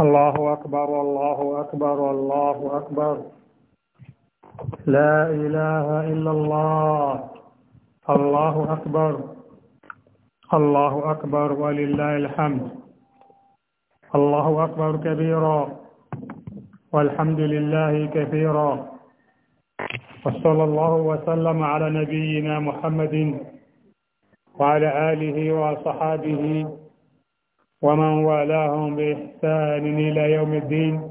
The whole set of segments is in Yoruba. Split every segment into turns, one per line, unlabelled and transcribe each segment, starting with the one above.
الله أكبر الله أكبر الله أكبر لا إله إلا الله الله أكبر الله أكبر ولله الحمد الله أكبر كبيرا والحمد لله كثيرا وصلى الله وسلم على نبينا محمد وعلى آله وصحابه ومن والاهم بإحسان إلى يوم الدين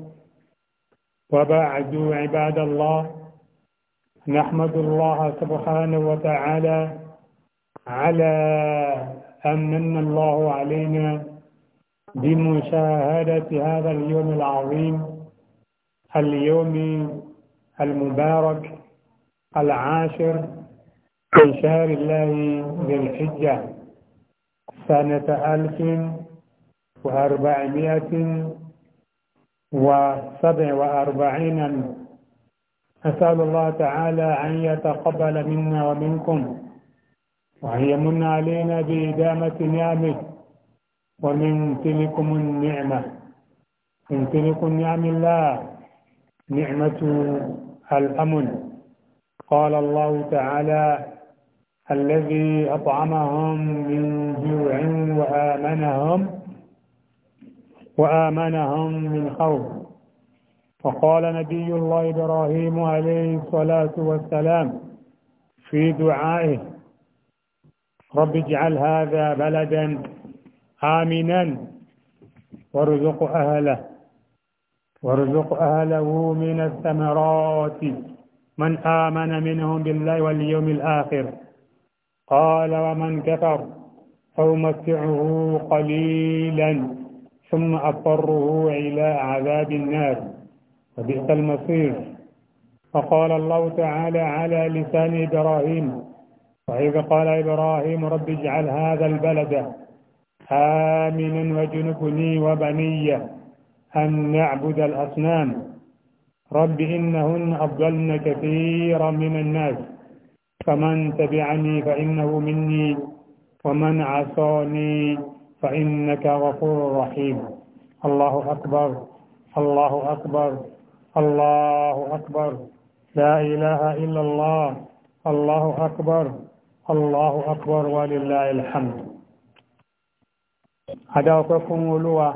وبعد عباد الله نحمد الله سبحانه وتعالى على أن من الله علينا بمشاهدة هذا اليوم العظيم اليوم المبارك العاشر من شهر الله ذي الحجة سنة ألف وأربعمائة وسبع وأربعين أسأل الله تعالى أن يتقبل منا ومنكم وأن يمن علينا بإدامة نعمه ومن تلكم النعمة من تلكم نعم الله نعمة الأمن قال الله تعالى الذي أطعمهم من جوع وآمنهم وآمنهم من خوف فقال نبي الله إبراهيم عليه الصلاة والسلام في دعائه رب اجعل هذا بلدا آمنا وارزق أهله وارزق أهله من الثمرات من آمن منهم بالله واليوم الآخر قال ومن كفر فأمتعه قليلا ثم أضطره إلى عذاب النار فبئس المصير فقال الله تعالى على لسان إبراهيم وإذ قال إبراهيم رب اجعل هذا البلد آمنا وجنبني وبني أن نعبد الأصنام رب إنهن أضلن كثيرا من الناس فمن تبعني فإنه مني ومن عصاني فإنك غفور رحيم الله أكبر الله أكبر الله أكبر لا إله إلا الله الله أكبر الله أكبر ولله الحمد أدعوكم ولوا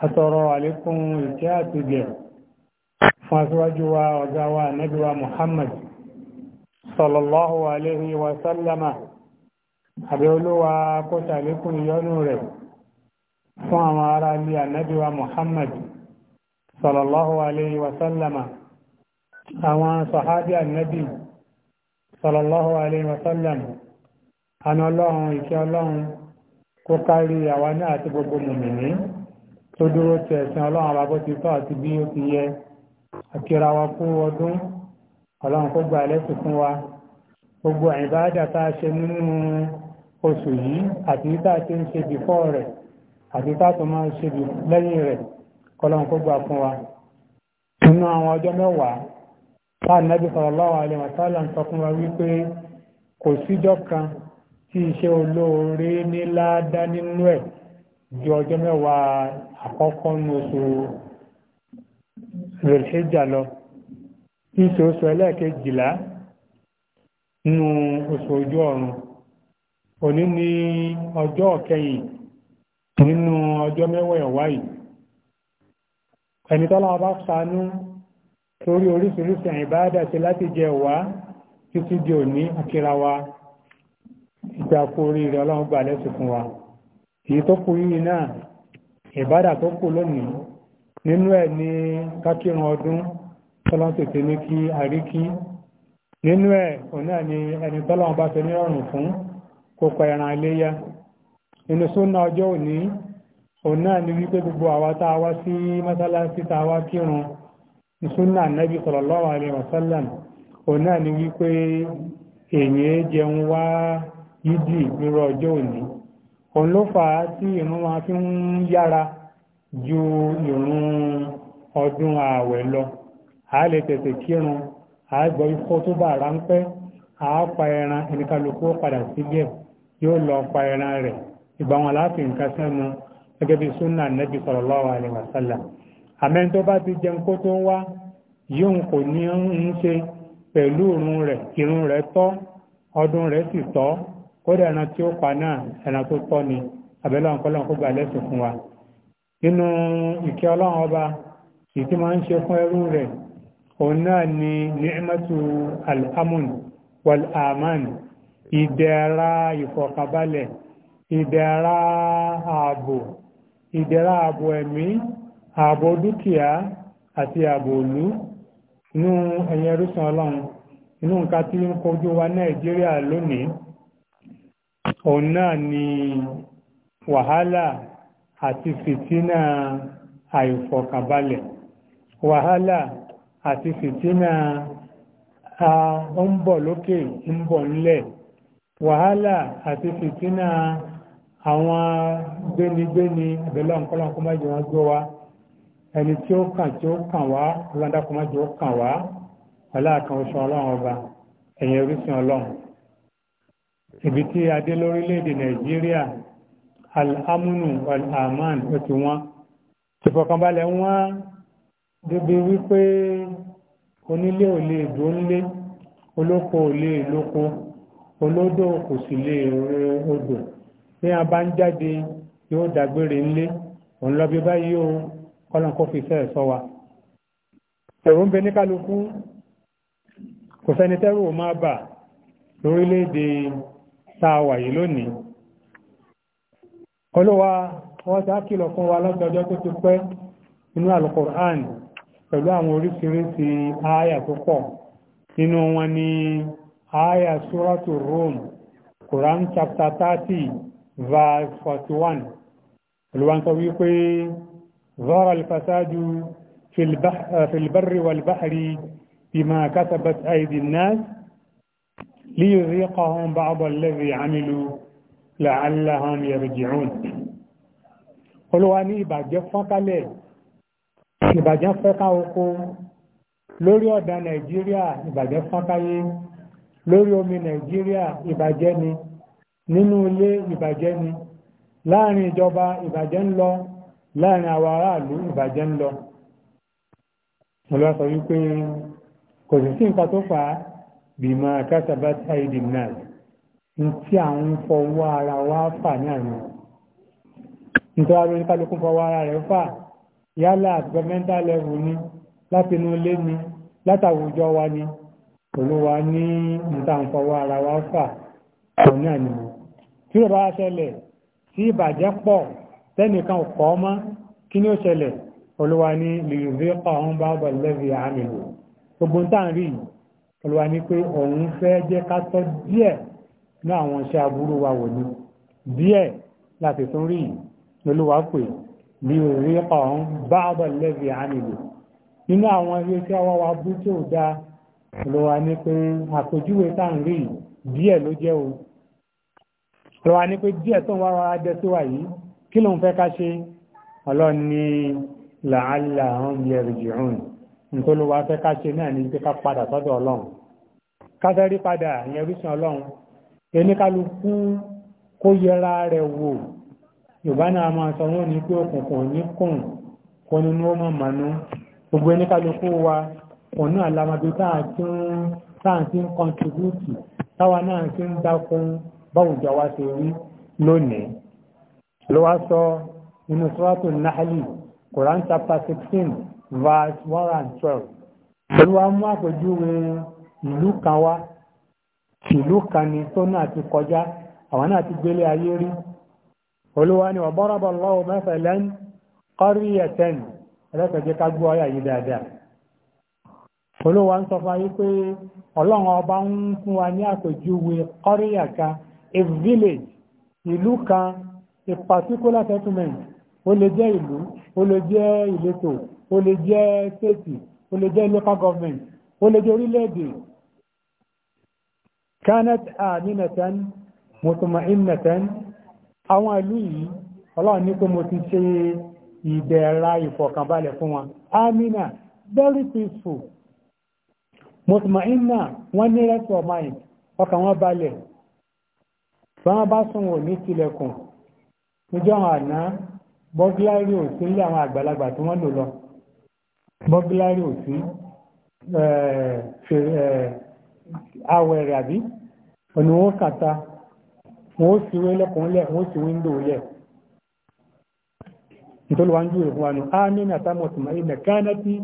أتروا عليكم الكاتب جير فأسواجوا وزاوا نجوى محمد صلى الله عليه وسلم àbí olówà kọ́sàlékún ìyọ́nú rẹ̀ fún àwọn ará ilé ànábíwá Muhammad sallallahu alayhi wa sallama àwọn sọ̀hábí ànábí sallallahu alayhi wa sallama àna ọlọ́run ìkẹ́ ọlọ́run kó kárí àwa náà àti gbogbo mùmìnì tó dúró ti ẹ̀sìn ọlọ́run àbábọ́ ti tọ́ àti bí ó ti yẹ àkíra ọdún ọlọ́run kó gbà fún wa gbogbo àìbáàdà tá a ṣe oṣù yìí àti tá ti ń ṣe bìfọ́ rẹ̀ àti tá tó máa ń ṣe lẹ́yìn rẹ̀ kọlọ́n kó gbà fún wa nínú àwọn ọjọ́ mẹ́wàá tá nẹ́bí sallallahu alaihi wa wípé kò síjọ́ kan tí iṣẹ́ olóore ní láádá ẹlẹ́ẹ̀kejìlá nínú oṣù ojú ọ̀run òní ni ọjọ́ kẹyìn nínú ọjọ́ mẹ́wàá ẹ̀wá yìí ẹni tọ́lá ọba ṣàánú torí oríṣiríṣi ìbáadà ti láti jẹ wá títí di òní akíra wa ìjàkú orí rẹ̀ ọlọ́run gbà lẹ́sìn fún wa èyí tó kù yìí náà ìbáadà tó kù lónìí nínú ẹ̀ ní kákírun ọdún tọ́lọ́n tètè ní kí àríkí nínú ẹ̀ òun ẹni tọ́lọ́run bá fẹ́ nírọ̀rùn fún kó pa ẹran iléyá inú súnà ọjọ́ òní òun náà ni wípé gbogbo àwa tá a wá sí mọ́sálásí tá a wá kírun súnà nẹ́bí sallallahu alaihi wasallam òun náà ni wípé èyàn e jẹun wá yídì nírọ̀ ọjọ́ òní òun ló fà á tí ìrun máa fi ń yára ju ìrun ọdún ààwẹ̀ lọ a lè tètè kírun a gbọ́ ikọ́ tó bá ráńpẹ́ a pa ẹran ẹnìkálukú padà sílẹ̀ yóò lọ pa ẹran rẹ̀ ìgbà wọn láti nǹkan sẹ́nu gẹ́gẹ́ bí súnà nẹ́bí sallallahu alaihi wasallam àmẹ́ tó bá ti jẹun kó tó wá yóò kò ní ń ṣe pẹ̀lú irun rẹ̀ irun rẹ̀ tọ́ ọdún rẹ̀ sì tọ́ kódà ẹran tí ó pa náà ẹran tó tọ́ ni àbẹ́lẹ́ ọ̀nkọ́lọ́n kó gbà fún wa nínú ìkẹ́ ọlọ́run ọba èyí máa ń ṣe fún ẹrú rẹ̀ òun náà ni ni'matu al-amun wal ìdẹ̀ra ìfọ̀kàbalẹ̀ ìdẹ̀ra ààbò ìdẹ̀ra ààbò ẹ̀mí ààbò dúkìá àti ààbò òlú inú ẹ̀yẹn rúsan ọlọ́run inú nǹkan tí ń kojú wa nàìjíríà lónìí òun náà ni wàhálà àti fìtínà àìfọ̀kànbalẹ̀ wàhálà àti fìtínà a ń bọ̀ lókè ń bọ̀ ńlẹ̀ wàhálà àti fìtínà àwọn gbénigbéni àbẹ̀lẹ̀ ọ̀nkọ́lọ́n kó má jẹ́ wọn gbọ́ wa ẹni tí ó kàn tí ó kàn wá ọlọ́dà kó má jẹ́ ó kàn wá ọlá kan oṣù ọlọ́run ọba ẹ̀yìn orísun ọlọ́run ibi tí adé lórílẹ̀‐èdè nàìjíríà al-amunu wal-aman ó ti wọ́n ìfọ̀kànbalẹ̀ wọ́n débi wípé onílé ò lè dúró ńlé olóko ò lè lóko olódò kò sì lè rin odò bí a bá ń jáde yóò dágbére ńlé òun lọ bí báyìí o kọ́lọ́n kó fi fẹ́ẹ̀ sọ wa. ẹ̀rù ń bẹ ní kálukú kò sẹ́ni tẹ́rù ò máa bà lórílẹ̀‐èdè tá a wà yìí lónìí. olúwa wọ́n ti á kìlọ̀ fún wa lọ́jọ́jọ́ tó ti pẹ́ inú àlùkùránì pẹ̀lú àwọn oríṣiríṣi ááyà tó pọ̀ nínú wọn ni aya suratu rum quran chapter thirty verse forty one olùwànsọ wípé zọ́rọ̀ alfasadu filbarri walbahari bima kasabat aidi nas liyuziqahum ba'd allazi amilu la'allahum yarji'un olùwà ní ìbàjẹ́ fọ́nkálẹ̀ ìbàjẹ́ fẹ́ká oko lórí ọ̀dà nàìjíríà ìbàjẹ́ fọ́nkáyé lórí omi nàìjíríà ìbàjẹ́ ni nínú ilé ìbàjẹ́ ni láàrin ìjọba ìbàjẹ́ ń lọ láàrin àwọn aráàlú ìbàjẹ́ ń lọ ọlọ́wọ́ sọ wípé kò sì sí nǹkan tó fà á bí máa kásábà táìdì náà ní tí àwọn ń fọwọ́ ara wa fà ní àná nítorí àwọn oníkálukú fọwọ́ ara rẹ̀ fà yálà àti gọ́mẹ́ntà level ni látinú ilé ni látàwùjọ wa ni olúwa ní ìtàǹfọwọ́ ara wa fà ọ̀ náà ni tí ó bá ṣẹlẹ̀ tí ìbàjẹ́ pọ̀ tẹ́nìkan kọ́ mọ́ kí ní ó ṣẹlẹ̀ olúwa ní lèrè ọ̀hún bá bọ̀ lẹ́bí àmìlò gbogbo táàrí olúwa ní pé òun fẹ́ jẹ́ ká tọ́ díẹ̀ ní àwọn iṣẹ́ aburú wa wò ní díẹ̀ láti tún rí olúwa pè lèrè ọ̀hún bá bọ̀ lẹ́bí àmìlò nínú àwọn iṣẹ́ wa wa bú tí ó ló wá ní pé àpèjúwe tá à ń rí díẹ̀ ló jẹ́ o ló wá ní pé díẹ̀ tó ń wá rọra jẹ́ sí wa yìí kí ló ń fẹ́ ká ṣe ọlọ́run ní làálà àwọn yarji'un nítorí ló wá fẹ́ ká ṣe náà ní pé ká padà sọ́dọ̀ ọlọ́run ká fẹ́ rí padà ìyẹn orísun ọlọ́run ẹnikálukú kó yẹra rẹ̀ wò yorùbá náà máa sọ wọn ní pé òkùnkùn ní kùn kó nínú ó mọ̀ gbogbo ẹnikálukú wa ọ̀nà àlàmàdó táà tí ń kọntribútì táwa náà tí ń dákun báwùjọ wa ṣe rí lónìí ló wá sọ nínú sọ́wọ́tò nahali Quran chapter sixteen verse one and twelve olúwa mú àpèjúwe ìlú kan wá ìlú kan ni tó náà ti kọjá àwọn náà ti gbélé ayé rí olúwa ni wa daraba Allahu mathalan qaryatan ẹlẹ́kẹ̀ẹ́ jẹ́ ká gbọ́ ọ̀yà yìí dáadáa olówó ń sọ fún ayé pé ọlọ́run ọba ń fún wa ní àpèjúwe kọ́ríyà kan a village ìlú kan a particular settlement ó lè jẹ́ ìlú ó lè jẹ́ ìletò ó lè jẹ́ state ó lè jẹ́ local government ó lè jẹ́ orílẹ̀-èdè kanat aminatan mutmainatan àwọn ìlú yìí ọlọ́run ní pé mo ti ṣe ìdẹ̀ra ìfọ̀kànbalẹ̀ fún wọn amina very peaceful mọ̀tìmáìnà wọ́n ní rest of mind ọkàn wọn balẹ̀ bí wọ́n bá sùn ní tilẹ̀kùn níjọ́ àwọn àná bọ́gílárì ò sí àwọn àgbàlagbà tí wọ́n lò lọ bọ́gílárì ò àwẹ̀rẹ̀ eh, eh, àbí ọ̀nà wọn kàta wọn ó sì wé lẹ́kùn lẹ̀ wọn ó sì wíńdò lẹ̀ nítorí wọn ń júwèé fún wa nù kánátì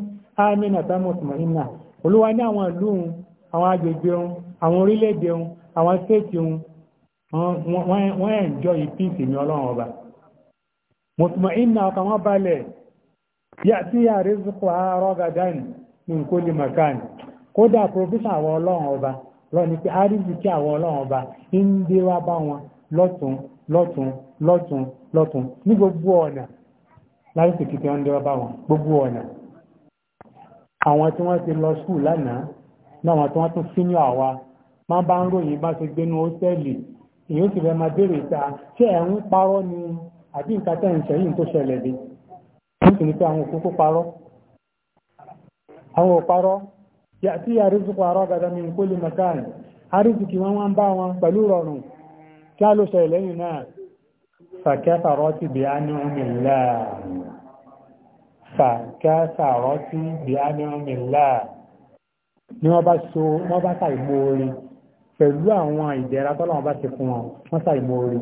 olúwa ní àwọn ìlú òun àwọn agbègbè òun àwọn orílẹ̀-èdè òun àwọn stéètì òun wọ́n ẹ̀ ń jọ ìpíìsì ní ọlọ́run ọba mùsùlùmí iná ọkàn wọn balẹ̀ tí yà rí zùkú àárọ̀ gàdánì ní nǹkó lè mọ̀kánì kódà provision àwọn ọlọ́run ọba lọ́ni pé ọba ń dé wọn lọ́tún lọ́tún lọ́tún lọ́tún ní gbogbo ọ̀nà gbogbo ọ̀nà àwọn tí wọ́n ti lọ skul lánàá náà wọ́n tí wọ́n tún sínú àwa máa bá ń ròyìn bá ti gbénú hótẹ́ẹ̀lì èyí ó sì fẹ́ máa béèrè ìta ṣé ẹ̀ ń parọ́ ni àbí nǹkan tẹ́ ń ṣẹ̀yìn tó ṣẹlẹ̀ dé wọ́n sì ní pé àwọn òkú kó parọ́ àwọn òparọ́ mi kó lè ṣẹlẹ̀ lẹ́yìn fàkásàrọ́ sí ìhánimìlá ni wọ́n bá so wọ́n bá ṣàìmoore pẹ̀lú àwọn ìdẹ̀ra tọ́lọ́wọ́n bá ti fún wọn wọ́n ṣàìmoore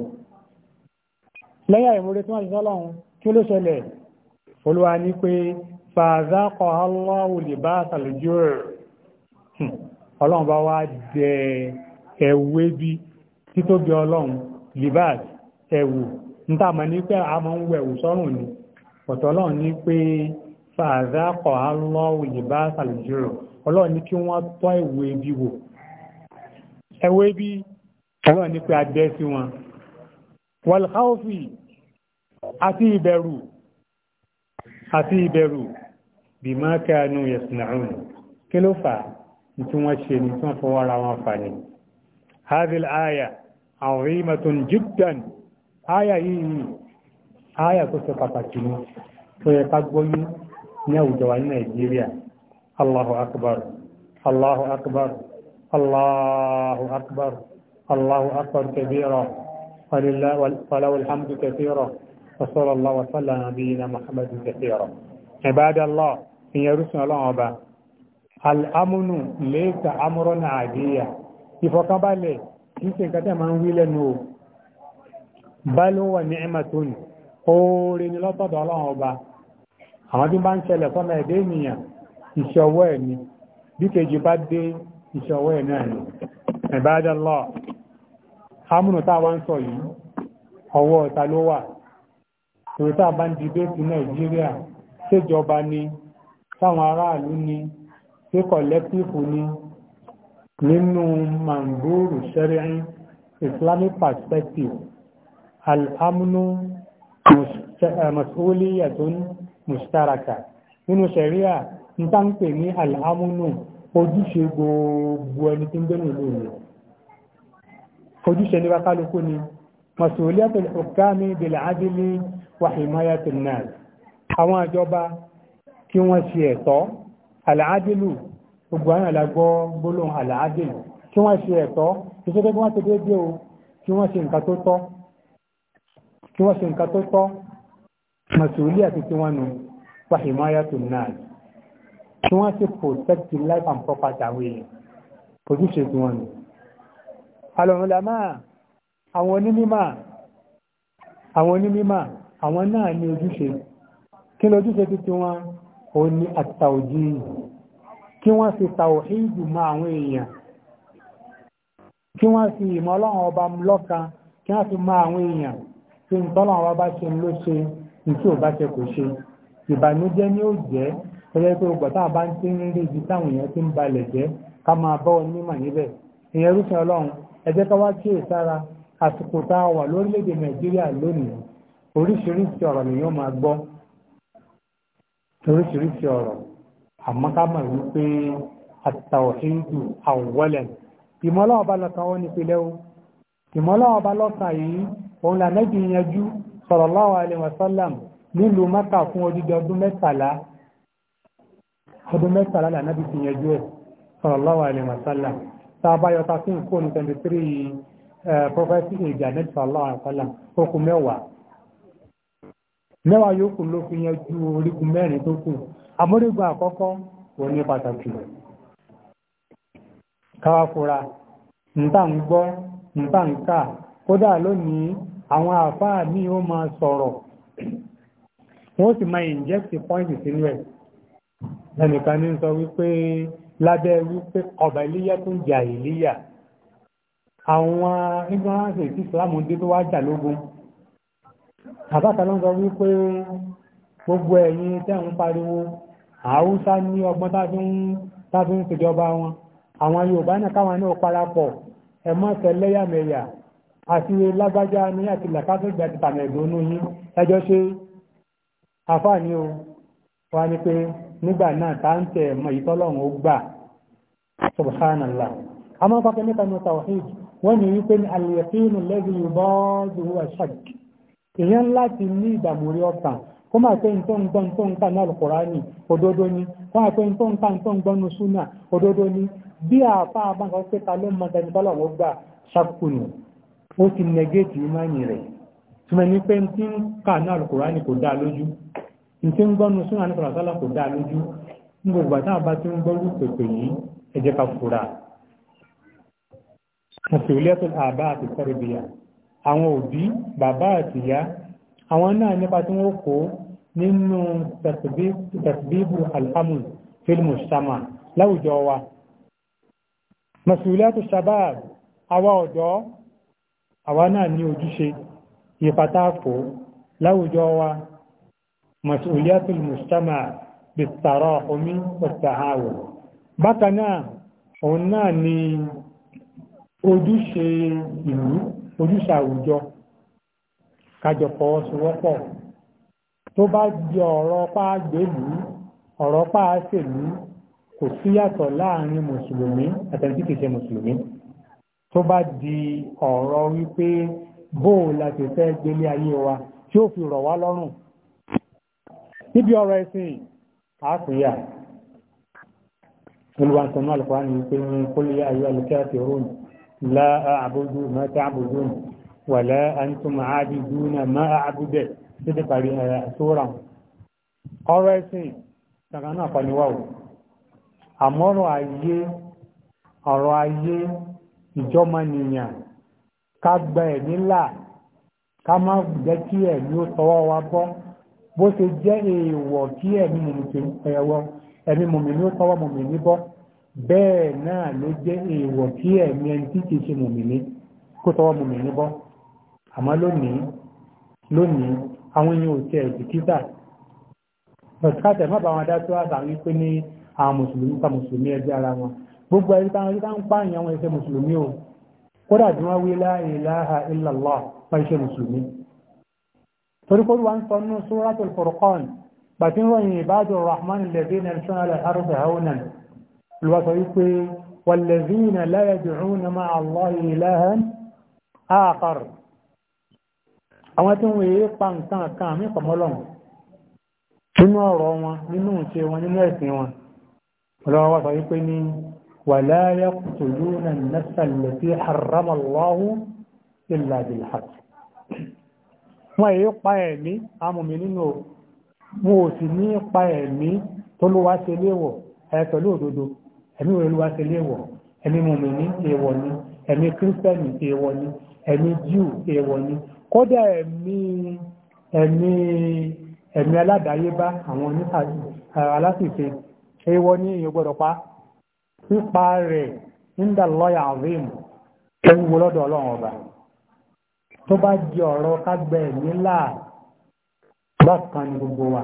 lẹ́yìn àìmoore tí wọ́n ti sọ́lọ́run kí ló ṣẹlẹ̀ olúwa ní pé fàzákọ̀ aláwò lè bá àtàlójú rẹ̀ hmm. ọlọ́run bá wá jẹ ẹ̀wù ebi títóbi ọlọ́run libas ẹ̀wù níta mọ̀ ní pé a máa ń wẹ̀wù sọ́rùn ni pọ̀tọ́ ọlọ́run ní pé fàzákọ̀ alọ́wù ìbá sàlùjúrò ọlọ́run ní kí wọ́n tọ́ ìwé bí wò ẹwé bí ọlọ́run ní pé adẹ́ sí wọn wàlháùfì àti ìbẹ̀rù àti ìbẹ̀rù bí máa kẹ́ẹ̀nù yẹ̀sìnàrùn kí ló fà tí wọ́n ṣe ní tí wọ́n fọwọ́ ara wọn fà ní hadhihi al-aya 'azimatun aya yìí ááyà tó ṣe pàtàkì ni tó yẹ ká gbóyún ní àwùjọ wa ní nàìjíríà allahu akbar allahu akbar allahu akbar allahu akbar kabira wàláwà alhamdu kabira وصلى الله وسلم نبينا محمد كثيرا عباد الله إن يرسل الله أبا الأمن ليس أمرا عاديا ìfọ̀kànbalẹ̀ kìí ṣe nǹkan tẹ́ máa ń wí lẹ́nu o bal huwa ni'matun oore ni lọ́tọ̀dọ̀ ọlọ́run ọba àwọn tí bá ń ṣẹlẹ̀ fọ́nà ẹ̀dẹ́ ènìyàn ìṣọwọ́ ẹ̀ ni bí kejì bá dé ìṣọwọ́ ẹ̀ náà ni ẹ̀bádọ́lọ́ amúnù táwa ń sọ yìí ọwọ́ ọ̀ta ló wà torí tá a bá ń di bẹ́ẹ̀tì nàìjíríà ṣèjọba ni táwọn aráàlú ni ṣé kọ̀lẹ́tífù ni nínú mangúrù ṣẹ́rẹ́rín islamic perspective al mas'uliyatun mustaraka nínú ṣẹ̀ríà ń tá ń pè ní alhamunu ojúṣe gbogbo ẹni tí ń gbé nílùú rẹ̀ ojúṣe ní bákálukú ni mas'uliyatul hukami bil adli wa himayatin nas àwọn àjọba kí wọ́n ṣe ẹ̀tọ́ al'adilu gbogbo àwọn àlàgbọ́ gbólóhùn al'adilu kí wọ́n ṣe ẹ̀tọ́ kí wọ́n ṣe nǹkan tó tọ́ màsùlùmí àti tí wọ́n nu wàhímáyà tó náà kí wọ́n ṣe protect the life and property àwọn èèyàn ojúṣe tí wọ́n nu. alọ̀rùnlámà àwọn onímímà àwọn onímímà àwọn náà ní ojúṣe kí lójúṣe títí wọn ò ní àtàwòjí kí wọ́n fi tàwòhídù mọ àwọn èèyàn kí wọ́n fi ìmọ̀ ọlọ́run ọba lọ́kan kí wọ́n fi mọ àwọn èèyàn tí ń tọ́lọ̀ àwọn bá ṣe ló ṣe ìtí ò bá ṣe kò ṣe ìbànújẹ́ ni ó jẹ́ ẹgbẹ́ pé ọgbà tá a bá ń tí ń rí ibi táwọn èèyàn ti ń balẹ̀ jẹ́ ká máa bọ́ onímọ̀ níbẹ̀ ìyẹn rúfin ọlọ́run ẹ jẹ́ ká wá kíyè sára àsìkò tá a wà lórílẹ̀‐èdè nàìjíríà lónìí oríṣiríṣi ọ̀rọ̀ lèèyàn máa gbọ́ oríṣiríṣi ọ̀rọ̀ àmọ́ ká mọ̀ wípé àtàwọ̀híndù àwọ̀wọ́lẹ̀ ìmọ̀lọ́wọ́ bá lọ́kàn wọn nípìnlẹ̀ o ìmọ̀lọ́wọ́ bá lọ́kàn yìí òun là nẹ́bí yanjú sallallahu alaihi wasallam nílùú mẹ́ta fún odidi ọdún mẹ́tàlá ọdún mẹ́tàlá là nẹ́bí ti yanjú ẹ̀ sallallahu alaihi wasallam sábáyọta sí 23 prophecy age ànẹ́bí sallallahu wasallam kódà lónìí àwọn àfáà ní ó máa sọ̀rọ̀ wọ́n sì máa ìjẹ́sì pọ́ìntì sínú ẹ̀ ẹnìkan ní sọ wípé lábẹ́ wípé kọ̀bẹ̀líyà tún jà ìlíyà àwọn ignorance tí islamu dé tó wá jà lógún àbáta ló ń sọ wípé gbogbo ẹ̀yin tẹ́ ń pariwo Haúsá ní ọgbọ́n tá fi ń ṣèjọba wọn àwọn Yorùbá náà káwọn náà parapọ̀ ẹ̀mọ́ tẹ̀lẹ́yàmẹ̀yà àti lágbájá ní àti làkásẹ̀gbà àti tàmẹ̀dónú yí ẹjọ́ ṣe afáà ní o wá ní pé nígbà náà tá ń tẹ̀ mọ̀ ìtọ́lọ́run ó gbà subhanallah a máa pàtẹ́ mẹ́ta ní tawhid wọ́n ni wípé ní al-yaqinu alladhi yubadu huwa shak èèyàn láti ní ìdààmú orí ọkàn kó máa pé nǹkan gbọ́n tó ń kà ní ó ti negate ìmáànì rẹ̀ túnmọ̀ ní pé tí ń kà náà Al-Kùránì kò dáa lójú tí ń gbọ́nu sún àní sàràsálà kò dáa lójú ń gbogbo àtàwọn bá ti ń gbọ́rú pèpè yìí ẹ jẹ́ ká fura mọ̀sílẹ́tò àbá àti sẹ́rẹ̀bìyà àwọn òbí bàbá àti ìyá àwọn náà nípa tí wọ́n kó nínú tẹ̀síbíbù alhamun fílmù sama láwùjọ wa mọ̀sílẹ́tò shabab àwa ọ̀dọ́ àwa náà ní ojúṣe ìfatáàfò láwùjọ wa masuliyatul mustama bìtàrọ omi pẹ̀tàhàwò bákan náà òun náà ní ojúṣe ìlú ojúṣe àwùjọ kájọ fọwọ́sowọ́pọ̀ tó bá di ọ̀rọ̀ pàágbélú ọ̀rọ̀ pàásèlú kò síyàtọ̀ láàrin mùsùlùmí àtẹ̀ntí mùsùlùmí tó bá di ọ̀rọ̀ wípé bóò la ti fẹ́ gbélé ayé wa tí ó fi rọ̀ wá lọ́rùn níbi ọ̀rọ̀ ẹ̀sìn àápìyà olùwàsànú àlùkò ní pé ní kólé ayé alùkẹ́ àti rome láà àbójú mẹ́ta àbójú wà láà àǹtùmọ̀ àdìjú na máa títí parí àṣóra ọ̀rọ̀ ẹ̀sìn tàbí náà pàníwáwò àmọ́rọ̀ ayé ọ̀rọ̀ ayé ìjọmọnìyàn ká gba ẹ̀mí là ká má jẹ́ kí ẹ̀mí ó tọwọ́ wa bọ́ bó ṣe jẹ́ èèwọ̀ kí ẹ̀mí mùmìnì ó tọwọ́ mùmìnì bọ́ bẹ́ẹ̀ náà ló jẹ́ èèwọ̀ kí ẹ̀mí ẹni tí kìí ṣe mùmìnì kó tọwọ́ mùmìnì bọ́ àmọ́ lónìí lónìí àwọn èèyàn ò tẹ ẹ̀dùkítà ọ̀sìkàtẹ̀ má bá wọn dá tó àtàwọn wípé ní àwọn mùsùlùmí pa mùsùlùmí ẹgbẹ́ ara wọn gbogbo ẹ̀rí táwọn ẹ̀rí táwọn pààyàn àwọn ẹ̀ṣẹ̀ mùsùlùmí o kódà bí wọ́n wí la ilaha illallah fún ẹ̀ṣẹ̀ mùsùlùmí torípórí wa ń sọ nínú suratul furqan bàtí ń ròyìn ibadur rahman alladhina yamshuna ala al-ardi hawnan lùwàsọ wípé walladhina la yad'una ma'a allahi ilahan akhar àwọn tí wọ́n yé pa nǹkan kan àmì pàmọ́lọ́wọ́ nínú ọ̀rọ̀ wọn nínú ìṣe wọn nínú ẹ̀sìn wọn ọlọ́wọ́ sọ wípé ní ولا يقتلون النفس التي حرم الله إلا بالحق wọ́n èyí pa ẹ̀mí amòmí nínú wọn ò sì ní pa ẹ̀mí tó ló wá ṣe léwọ̀ ẹ̀ẹ́tọ̀ lóòdodo ẹ̀mí wo ló wá ṣe léwọ̀ ẹ̀mí mòmí ní èèwọ̀ ni ẹ̀mí kírísítẹ́nì èèwọ̀ ni ẹ̀mí jíù èèwọ̀ ni kódà ẹ̀mí ẹ̀mí ẹ̀mí aládàáyébá àwọn alásìfẹ́ èèwọ̀ ni èèyàn gbọ́dọ̀ pa á pípa rẹ̀ nígbà lọ́yà àwìn ẹ̀wù lọ́dọ̀ ọlọ́run ọba tó bá di ọ̀rọ̀ kágbẹ́ nílà lọ́kàn ní gbogbo wa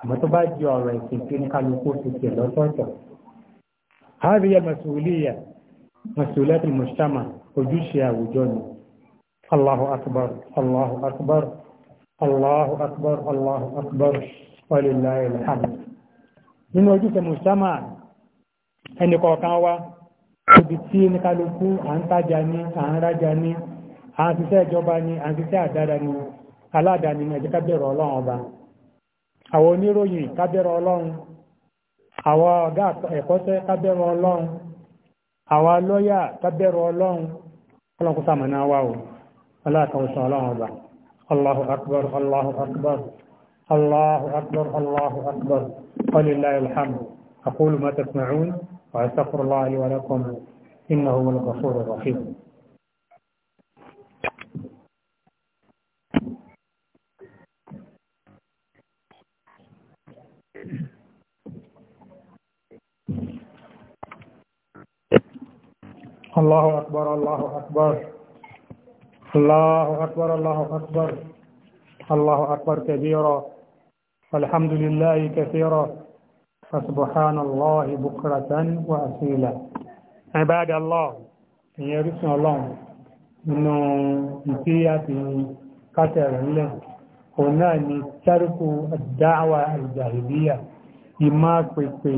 àmọ́ tó bá di ọ̀rọ̀ ìsìnkú ní kálukú ti tẹ̀ lọ́sọ̀ọ̀tọ̀ هذه المسؤولية مسؤولية المجتمع ojúṣe àwùjọ ni Allahu akbar Allahu akbar Allahu akbar Allahu akbar walillahi alhamd nínú ẹnìkọ̀ọ̀kan wa ibi tí oníkálukú à ń tajà ní à ń rájà ní à ń ṣiṣẹ́ ìjọba ní à ń ṣiṣẹ́ àdára ní aládàáni ní ẹ̀jẹ̀ ká bẹ̀rù ọlọ́run ọba àwọn oníròyìn ká bẹ̀rù ọlọ́run àwọn ọ̀gá ẹ̀kọ́ṣẹ́ ká bẹ̀rù ọlọ́run àwọn lọ́yà ká ọlọ́run ọlọ́run kó Allahu akbar Allahu akbar Allahu akbar Allahu akbar walillahi أقول ما تسمعون وأستغفر الله لي ولكم إنه هو الغفور الرحيم الله أكبر الله أكبر الله أكبر الله أكبر الله أكبر كبيرا الحمد لله كثيرا فسبحان الله بكرة وأصيلا عباد الله ìyẹn orísun ọlọ́run nínú ìtí àti kátẹ̀rẹ̀ ńlẹ̀ òun náà ni tẹ́rùkù dáwà àjàìlíyà ìmá pèpè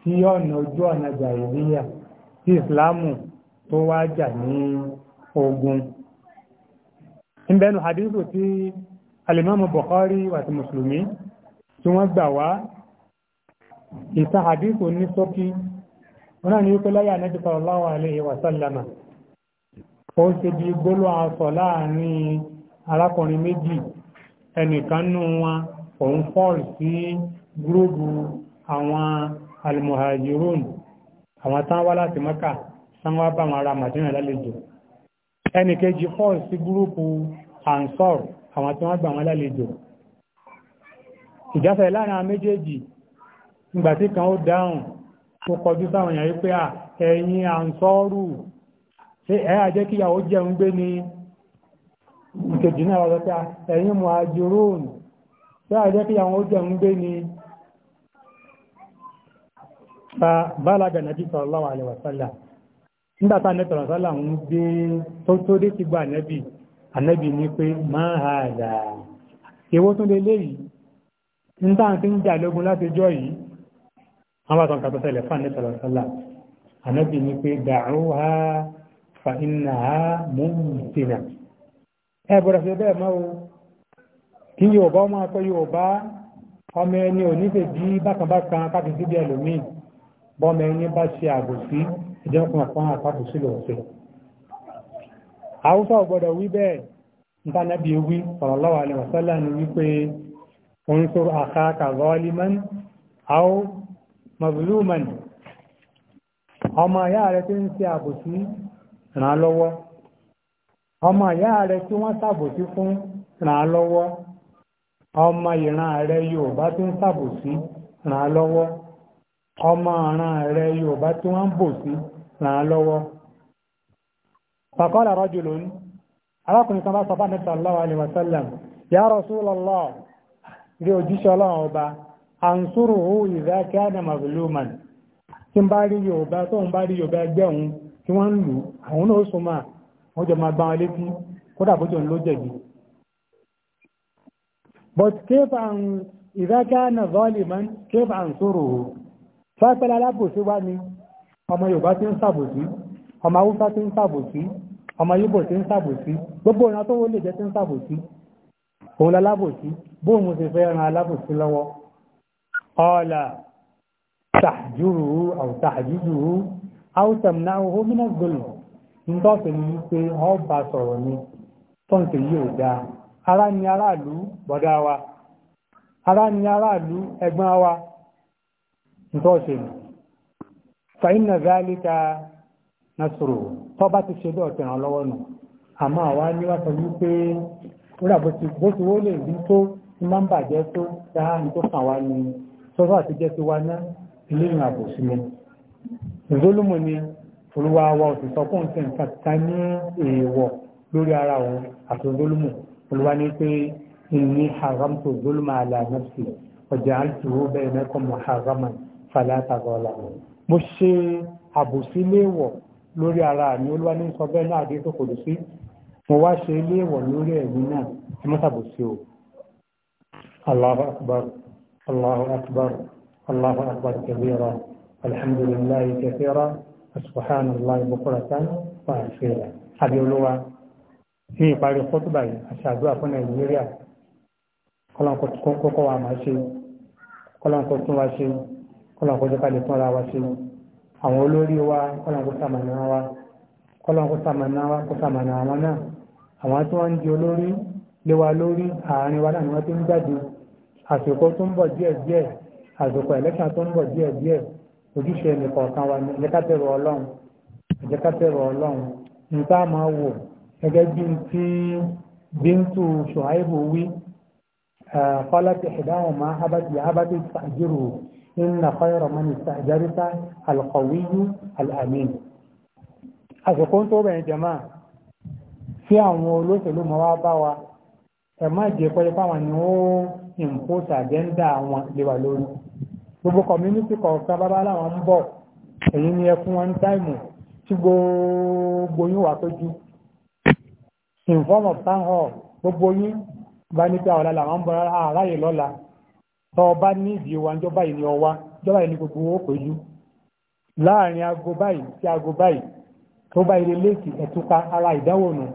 sí ọ̀nà ojú ọ̀nà àjàìlíyà tí ìsìláàmù tó wá jà ní ogun ìbẹ̀nu hadithu tí alimamu Bukhari wàtí mùsùlùmí tí wọ́n gbà wá ìta hadith ní sókí wọn náà ni wípé láyé ànábì sallallahu alaihi wa ó ṣe bí gbóló asọ̀ láàrin arákùnrin méjì ẹnìkan nù wọn òun fọ́ọ̀lù sí gúrúùbù àwọn almuhajirun àwọn tán wá láti Mẹ́kà tán wá bá wọn ará Màdínà lálejò ẹnìkejì sí ansor àwọn gbà wọn lálejò láàrin àwọn méjèèjì nígbà tí kan ó dáhùn ó kọjú sáwọn èèyàn wípé à ẹ̀yin à ń á jẹ́ kíyàwó jẹun gbé ni ìkejì náà lọ pé ẹ̀yin mọ̀ àjòrónù ṣé á jẹ́ kíyàwó jẹun gbé ni bálaga nàbí sallallahu alaihi wasallam nígbà tá nẹ́bí sallallahu alaihi wasallam ń gbé tó tó dé ti gba nẹ́bí ànẹ́bí ní pé máa ha àdá èwo tún lè léyìí nígbà ń jà lógun láti jọ yìí wọ́n bá tọ́ka tó ṣẹlẹ̀ fún àníṣà lọ́sọ́lá ànábì ní pé da'uha fa innaha mumtina ẹ bọ̀dọ̀ sí bẹ́ẹ̀ máa o kí Yorùbá ọmọ akọ Yorùbá ọmọ ẹni ò nífẹ̀ẹ́ bí bákanbákan káàkiri síbi ẹlòmíì bọ́mọ ẹni bá ṣe àbòsí ìjọkùn ọ̀pọ̀ àpapọ̀sí lọ́sẹ̀ Haúsá ò gbọ́dọ̀ wí bẹ́ẹ̀ ntánàbí wí sallallahu alaihi wasallam ni wípé unsur akhaka zaliman aw mazluman ọmọ ìyá rẹ̀ tí ń ṣe àbòsí ràn lọ́wọ́ ọmọ ìyá tí wọ́n ṣàbòsí fún ràn lọ́wọ́ ọmọ ìran Yorùbá tí ń ṣàbòsí ràn lọ́wọ́ ọmọ ìran rẹ̀ Yorùbá tí wọ́n ń bòsí ràn lọ́wọ́ fàkọ́lá arákùnrin kan bá sọ fún ya rí ọlọ́run ọba ansuruhu idha kana mazluman tí ń bá rí Yorùbá tó ń bá rí Yorùbá ẹgbẹ́ òun tí wọ́n ń lù àwọn náà so máa wọ́n jọ máa gbá létí kódà bójọ ló jẹ̀bi but kéfà idha kana zaliman kéfà ansuruhu fẹ́fẹ́lẹ́ alábòsí wá ni ọmọ Yorùbá tí ń ṣàbòsí ọmọ Haúsá tí ń ṣàbòsí ọmọ Yíbò tí ń ṣàbòsí gbogbo ìran tó wọlé jẹ́ tí ń ṣàbòsí òun lalábòsí bóun mo sì fẹ́ ran alábòsí lọ́wọ́ qala tahjuruhu aw tahjuruhu aw tamna'uhu min az-zulm ntọ́sẹ̀ ni wípé ọba sọ̀rọ̀ ni tọ́ǹtẹ̀ yìí ò dáa ara ni aráàlú bọ̀dá wa ara ni aráàlú ẹgbọ́n wa ntọ́sẹ̀ ni fàínà zálíkà nasoro bá ti ṣe dọ́ọ̀tẹ̀ ràn lọ́wọ́ nù àmọ́ àwa ní wá sọ wípé ó rà bó ti wó lè rí tó máa ń bàjẹ́ tó dáa ní tó kàn wá sọ́rọ̀ àti jẹ́ ti wá ná ilé ìrìn àbò sílẹ̀ ìzólùmù ni olúwa wa ò sì sọ fún nǹkan kankan ní èèwọ̀ lórí ara òun àti ìzólùmù olúwa ní pé ìní haram ìzólùmù àlà nafsi ọjà àìsíwò bẹ́ẹ̀ mẹ́kọ̀ mọ̀ haram falatagọ́lá mo ṣe àbòsí léèwọ̀ lórí ara mi olúwa ní sọ bẹ́ẹ̀ náà àdéhùn kò sí mo wá ṣe léèwọ̀ lórí ẹ̀mí náà ẹ mọ́tàbòsí o. Allahu akbar. الله أكبر الله أكبر كبيرا الحمد لله كثيرا سبحان الله بكرة وأصيلا abiyolowa ní ìparí kótóbà yìí àṣàdúrà fún nàìjíríà kọlọ̀nkọ́ wa máa ṣe kọlọ̀nkọ́ tún wa ṣe kọlọ̀nkọ́ jẹ́ ká lè tún ara wa ṣe àwọn olórí wa kọlọ̀nkọ́ sàmànà wa kọlọ̀nkọ́ sàmànà wa kó sàmànà àwọn náà àwọn tí wọ́n ń di olórí lé lórí àárín wa náà ni wọ́n ti ń jáde àsìkò tó ń bọ̀ díẹ̀díẹ̀ àsìkò ẹ̀lẹ́kàn tó ń bọ̀ díẹ̀díẹ̀ ojúṣe nìkọ̀ọ̀kan wa ní ẹ̀jẹ̀kátẹ̀rù ọlọ́run ẹ̀jẹ̀kátẹ̀rù ọlọ́run níta máa wò gẹ́gẹ́ bí ti bíntù ṣùháìbù wí fọlọ́tì ìdáhùn máa hábàtì hábàtì ṣàjírò inna khayra man istajarita alqawiyyu alamin àsìkò tó bẹ̀rẹ̀ jẹ̀má tí àwọn olóṣèlú mọ́ bá wa ẹ̀ má jẹ́ pẹ́ẹ́pẹ́ impose agenda wọn léwà lórí gbogbo community kọ̀ọ̀kan bábá láwọn ń bọ̀ èyí ni ẹ fún wọn táìmù tí gbogbo yín wà péjú in form of town hall gbogbo yín bá ní pé ọ̀la làwọn ń bọ̀ aráyè lọ́la tọ́ ọba ní ìdí wa jọba ìní ọwa jọba ìní gbogbo owó péjú láàrin aago báyìí sí aago báyìí tó bá ilé léèkì ẹ̀túpa ara ìdánwò nù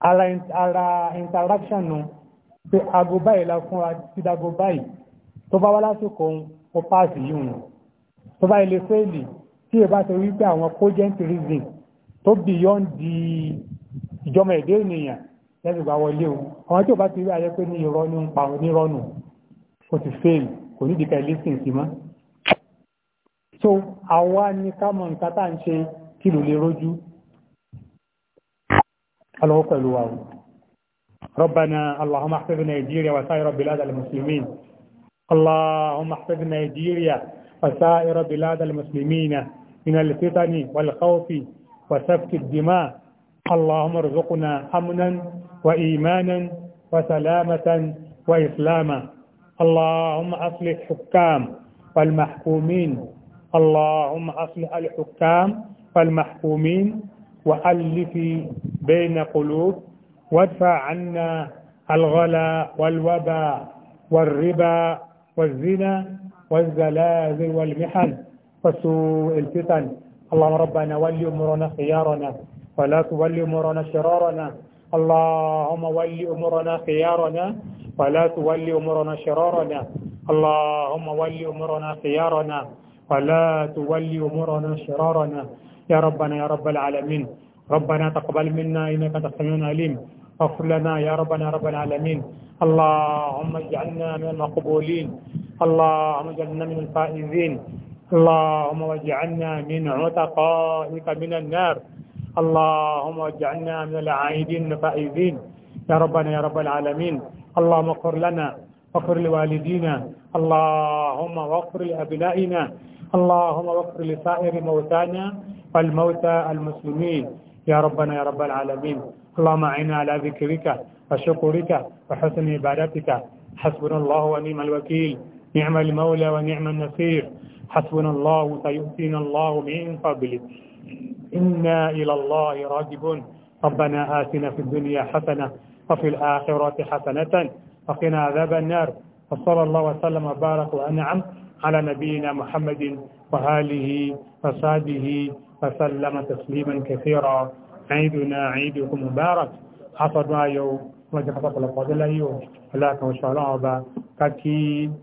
ara interaction nù. No pé aago báyìí la fún wa báyìí tó bá wá lásìkò òun ó yìí hùn tó bá ilé fẹ́ẹ̀lì tí èbá ti rí àwọn cogent reason tó beyond di ìjọmọ èdè ènìyàn lẹ́sìn gbà wọlé o àwọn tí ò bá ti rí ayẹ pé ní irọ́ ní pa onírọ́nù ó ti fẹ́ẹ̀lì kò ní ìdíkà ilé sìn sí mọ́ so àwa ni ká mọ nǹkan tá à ń ṣe kí ló lè rójú ọlọ́wọ́ pẹ̀lú wa o. ربنا اللهم احفظ نيجيريا وسائر بلاد المسلمين اللهم احفظ نيجيريا وسائر بلاد المسلمين من الفتن والخوف وسفك الدماء اللهم ارزقنا امنا وايمانا وسلامه واسلاما اللهم اصلح حكام والمحكومين اللهم اصلح الحكام والمحكومين والف بين قلوب وادفع عنا الغلا والوبا والربا والزنا والزلازل والمحن وسوء الفتن اللهم ربنا ولي أمورنا خيارنا ولا تولي أمورنا شرارنا اللهم ولي أمورنا خيارنا ولا تولي أمورنا شرارنا اللهم ولي أمورنا خيارنا ولا تولي أمورنا شرارنا يا ربنا يا رب العالمين ربنا تقبل منا إنك أنت السميع العليم فاغفر لنا يا ربنا رب العالمين اللهم اجعلنا من المقبولين اللهم اجعلنا من الفائزين اللهم اجعلنا من عتقائك من النار اللهم اجعلنا من العائدين الفائزين يا ربنا يا رب العالمين اللهم اغفر لنا واغفر لوالدينا اللهم واغفر لأبنائنا اللهم واغفر لسائر موتانا والموتى المسلمين يا ربنا يا رب العالمين اللهم أعنا على ذكرك وشكرك وحسن عبادتك حسبنا الله ونعم الوكيل نعم المولى ونعم النصير حسبنا الله سيؤتينا الله من قبلك إنا إلى الله راجبون ربنا آتنا في الدنيا حسنة وفي الآخرة حسنة وقنا عذاب النار وصلى الله وسلم وبارك وأنعم على نبينا محمد وآله وصحبه وسلم تسليما كثيرا عيدنا عيدكم مبارك حصد ما يوم وجه حصد الله يوم ولكن إن الله كي